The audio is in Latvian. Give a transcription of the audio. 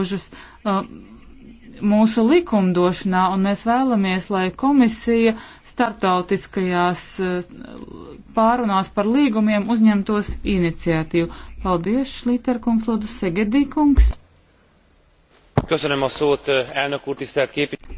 iestrēgušas uh, mūsu likumdošanā, un mēs vēlamies, lai komisija starptautiskajās uh, pārunās par līgumiem uzņemtos iniciatīvu. Paldies, Šlīterkungs, Lūdzu, Segedīkungs. Köszönöm a szót, uh, elnök úr, tisztelt képviselő.